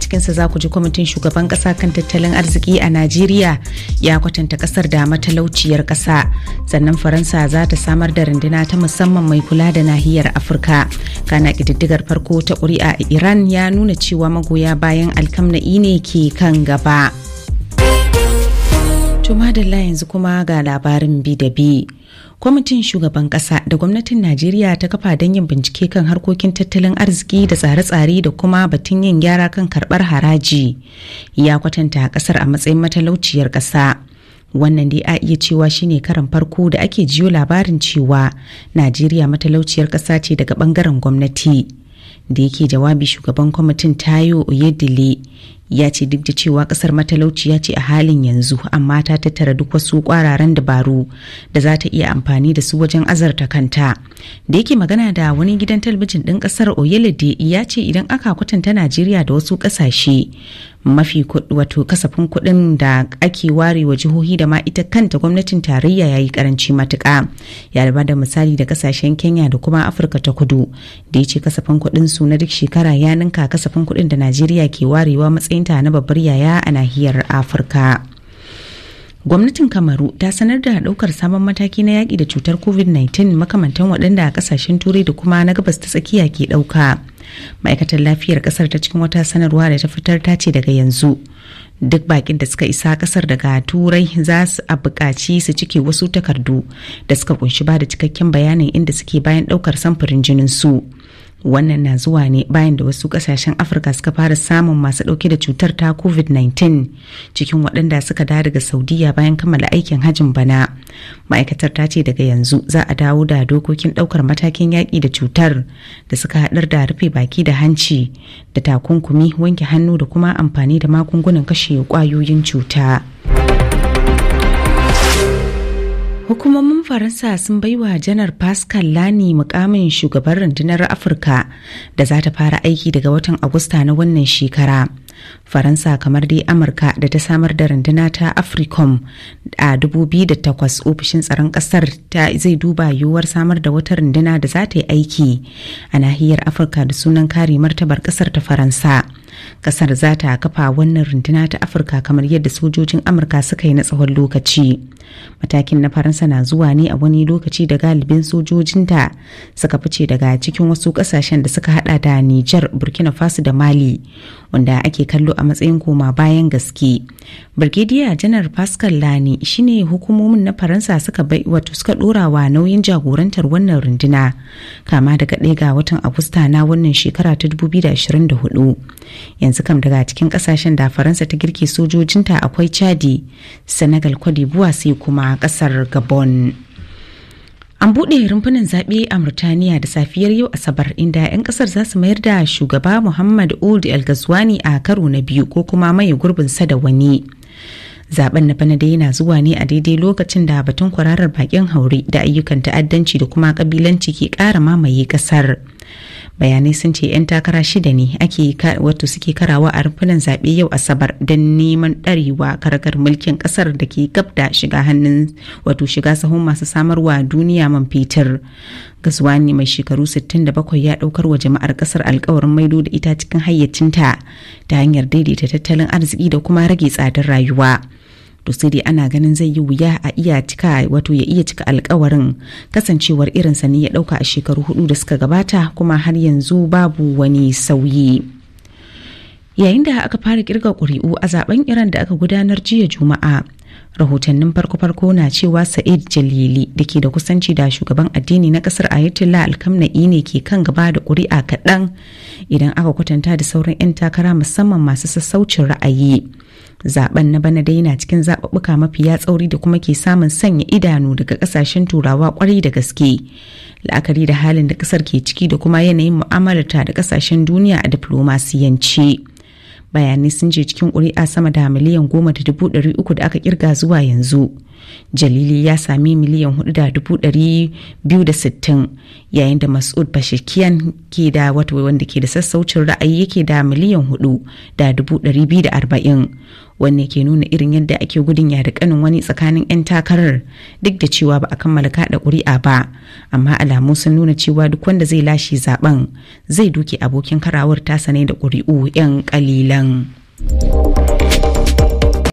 cikinsa za ku ji kwamitin shugaban kasa kan tattalin arziki a Najeriya ya kwatanta kasar da matalauciyar kasa. Sannan Faransa za ta samar da runduna ta musamman mai kula da nahiyar Afirka. Kana kididdigar farko ta ƙuri'a a Iran ya nuna cewa magoya bayan alkamna'i ne ke kan gaba. To madalla yanzu kuma ga labarin bi da bi. Kwamitin shugaban kasa da gwamnatin Najeriya ta kafa don yin bincike kan harkokin tattalin arziki da tsare-tsare da kuma batun yin gyara kan karbar haraji ya kwatanta kasar a matsayin matalauciyar kasa. Wannan dai a iya cewa shine karan farko da ake jiyo labarin cewa Najeriya matalauciyar kasa ce daga ɓangaren gwamnati. da yake jawabi shugaban kwamitin tayo oyedele ya ce duk da cewa kasar ya ce a halin yanzu amma ta tattara duk wasu kwararan dabaru da za ta iya amfani da su wajen azarta kanta da yake magana da wani gidan talabijin ɗin ƙasar oyelede ya ce idan aka kwatanta najeriya da wasu ƙasashe mafi wato kasafin kuɗin da ake ware wa jihohi da ma ita kanta gwamnatin tarayya ya yi karanci matuƙa ya ba da misali da kasashen kenya da kuma afirka ta kudu da ya ce kasafin kuɗin su na duk shekara ya ninka kasafin kuɗin da najeriya ke warewa matsayin matsayinta na babbar yaya a nahiyar afirka gwamnatin kamaru ta sanar da daukar sabon mataki na yaƙi da cutar covid-19 makamantan waɗanda a ƙasashen turai da kuma na gabas ta tsakiya ke ɗauka ma'aikatar lafiyar ƙasar ta cikin wata sanarwa da ta fitar ta ce daga yanzu duk bakin da suka isa ƙasar daga turai za su a buƙaci su cike wasu takardu da suka kunshi ba da cikakken bayanin inda suke bayan ɗaukar samfurin jinin su wannan na zuwa ne bayan da wasu kasashen afirka suka fara samun masu dauke da cutar ta covid-19 cikin waɗanda suka dawo daga saudiya bayan kammala aikin hajin bana ma'aikatar ta ce daga yanzu za a dawo da dokokin ɗaukar matakin yaƙi da cutar da suka haɗar da rufe baki da hanci da takunkumi wanke hannu da kuma amfani da magungunan kashe kwayoyin cuta. Hukumomin Faransa sun baiwa Janar Pascal Lani mukamin shugaban rundunar Afirka da za ta fara aiki daga watan Agusta na wannan shekara. faransa kamar dai amurka da ta samar da runduna ta africom a 2008 ofishin tsaron kasar ta zai duba yiwuwar samar da wata runduna da za ta yi aiki a nahiyar afirka da sunan kare martabar kasar ta faransa kasar za ta kafa wannan runduna ta afirka kamar yadda sojojin amurka suka yi na tsawon lokaci matakin na faransa na zuwa ne a wani lokaci da galibin sojojinta suka fice daga cikin wasu kasashen da suka hada da niger burkina faso da mali wanda ake kallo a matsayin koma bayan gaske birgidiya janar pascal lani shine hukumomin na faransa suka bai wato suka dorawa nauyin jagorantar wannan runduna kama daga ɗaya ga watan agusta na wannan shekara ta 2024 yanzu kam daga cikin kasashen da faransa ta girke sojojinta akwai chadi senegal cote d'ivoire sai kuma ƙasar gabon An buɗe rumfunan zaɓe a Murtaniya da safiyar yau Asabar inda 'yan ƙasar za su mayar da shugaba Muhammad Ould al a karo na biyu ko kuma maye gurbinsa da wani. zaben na bana dai yana zuwa ne a daidai lokacin da batun kwararar bakin haure da ayyukan ta'addanci da kuma kabilanci ke ƙara mamaye ƙasar. bayanai sun ce 'yan takara shida ne ake wato suke karawa a rumfunan zaɓe yau asabar don neman ɗarewa karkar mulkin ƙasar da ke gab da shiga hannun wato shiga sahun masu samarwa duniya man fetur gaswani mai shekaru 67 ya ɗaukar wa jama'ar kasar alkawarin maido da ita cikin hayyacinta ta hanyar daidaita tattalin arziki da kuma rage tsadar rayuwa to sai dai ana ganin zai yi wuya a iya cika wato ya iya cika alkawarin kasancewar irinsa ne ya dauka a shekaru hudu da suka gabata kuma har yanzu babu wani sauyi. yayin da aka fara kirga ƙuri'u a zaben iran da aka gudanar jiya juma'a rahotannin farko-farko na cewa sa'id jalili da ke da kusanci da shugaban addini na kasar ayatollah alkamna'i ne ke kan gaba da ƙuri'a kaɗan idan aka kwatanta da sauran 'yan takara musamman masu sassaucin ra'ayi zaben na bana dai yana cikin zaɓuɓɓuka mafiya tsauri da kuma ke samun sanya idanu daga ƙasashen turawa kwarai da gaske la'akari da halin da ƙasar ke ciki da kuma yanayin mu'amalarta da ƙasashen duniya a diflomasiyanci bayanai sun je cikin ƙuri'a sama da miliyan goma da dubu ɗari uku da aka ƙirga zuwa yanzu jalili ya sami miliyan 4,260 yayin da masud bashikiyan ke da wato wanda ke da sassaucin ra'ayi yake da miliyan 4,240 wanne ke nuna irin yadda ake gudun da kanin wani tsakanin 'yan takarar duk da cewa ba a kammala kada ƙuri'a ba amma alamu sun nuna cewa duk wanda zai lashe zaben zai duke abokin karawar tasa ne da ƙuri'u 'yan kalilan.